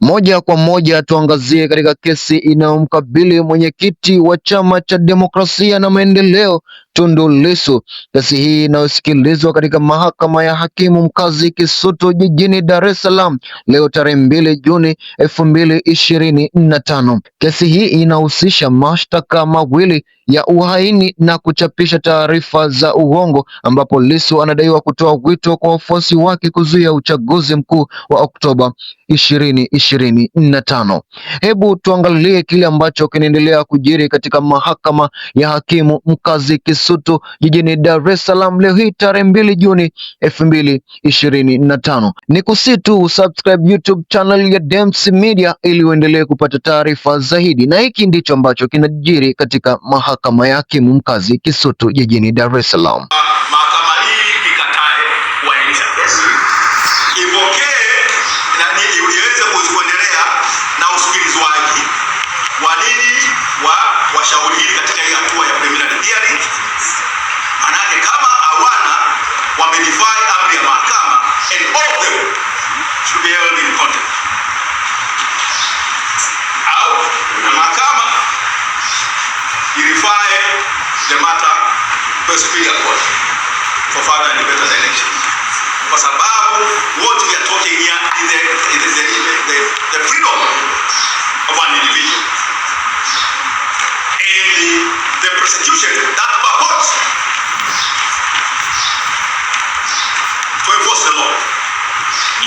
Moja kwa moja tuangazie katika kesi inayomkabili mwenyekiti wa chama cha demokrasia na maendeleo Tundu Lissu. Kesi hii inayosikilizwa katika mahakama ya hakimu mkazi Kisutu jijini Dar es Salaam leo tarehe mbili Juni elfu mbili ishirini na tano. Kesi hii inahusisha mashtaka mawili ya uhaini na kuchapisha taarifa za uongo ambapo Lissu anadaiwa kutoa wito kwa wafuasi wake kuzuia uchaguzi mkuu wa Oktoba ishirini ishirini na tano. Hebu tuangalie kile ambacho kinaendelea kujiri katika mahakama ya hakimu mkazi Kisutu Lesotho jijini Dar es Salaam leo hii tarehe mbili Juni elfu mbili ishirini na tano. Ni kusi tu subscribe YouTube channel ya Dems Media ili uendelee kupata taarifa zaidi, na hiki ndicho ambacho kinajiri katika mahakama ya hakimu mkazi Kisutu jijini Dar es Salaam. Mahakama hii ikatae hatuwezi kupiga kura for further and better elections kwa sababu what we are talking here is the, the, the, the, the freedom of an individual and the, the persecution that purports to enforce the law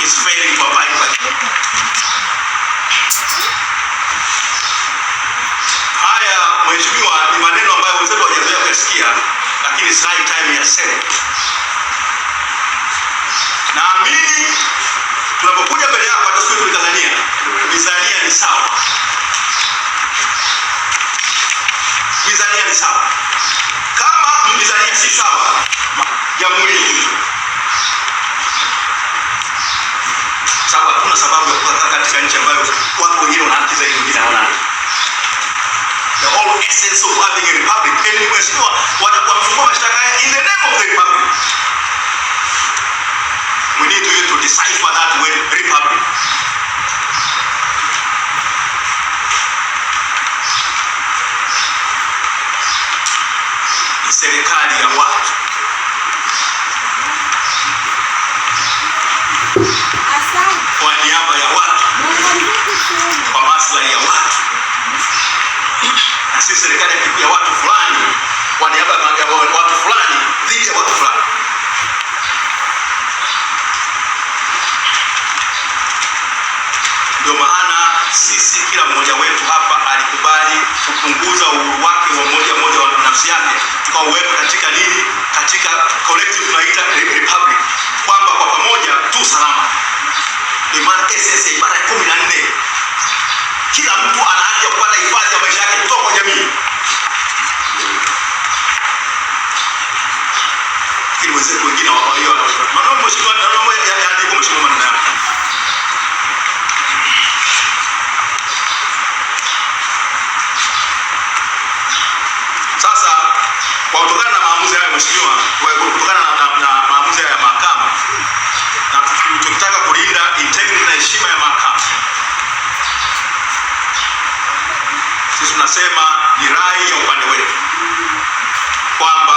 is failing to abide by the law. Haya mheshimiwa, ni maneno ambayo wenzetu hawajazoea kusikia. It is high time we accept We need you to decipher that word republic. Serikali ya watu sisi kila mmoja wetu hapa alikubali kupunguza uhuru wake wa moja moja wa nafsi yake, tukauweka katika nini, katika collective tunaita republic, kwamba kwa pamoja tu salama. Imani SSA ya ibada ya kumi kila mtu ana haki ya kupata hifadhi ya maisha yake kutoka kwa jamii. Lakini wenzetu wengine, mheshimiwa Kwa kutokana na maamuzi hayo mheshimiwa, kutokana na, na, na maamuzi ya mahakama na tukitaka kulinda integrity na heshima ya mahakama, sisi tunasema ni rai ya upande wetu kwamba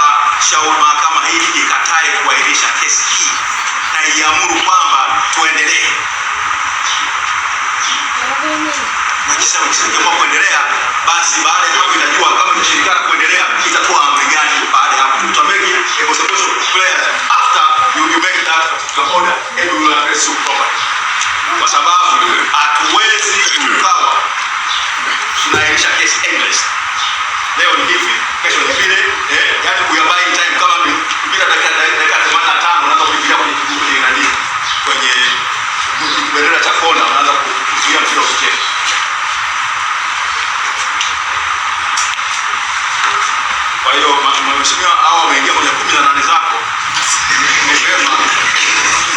shauri mahakama hii ikatae kuahirisha kesi hii na iamuru kwamba tuendelee kuendelea mheshimiwa, hao wameingia kwenye kumi na nane zako, ni vema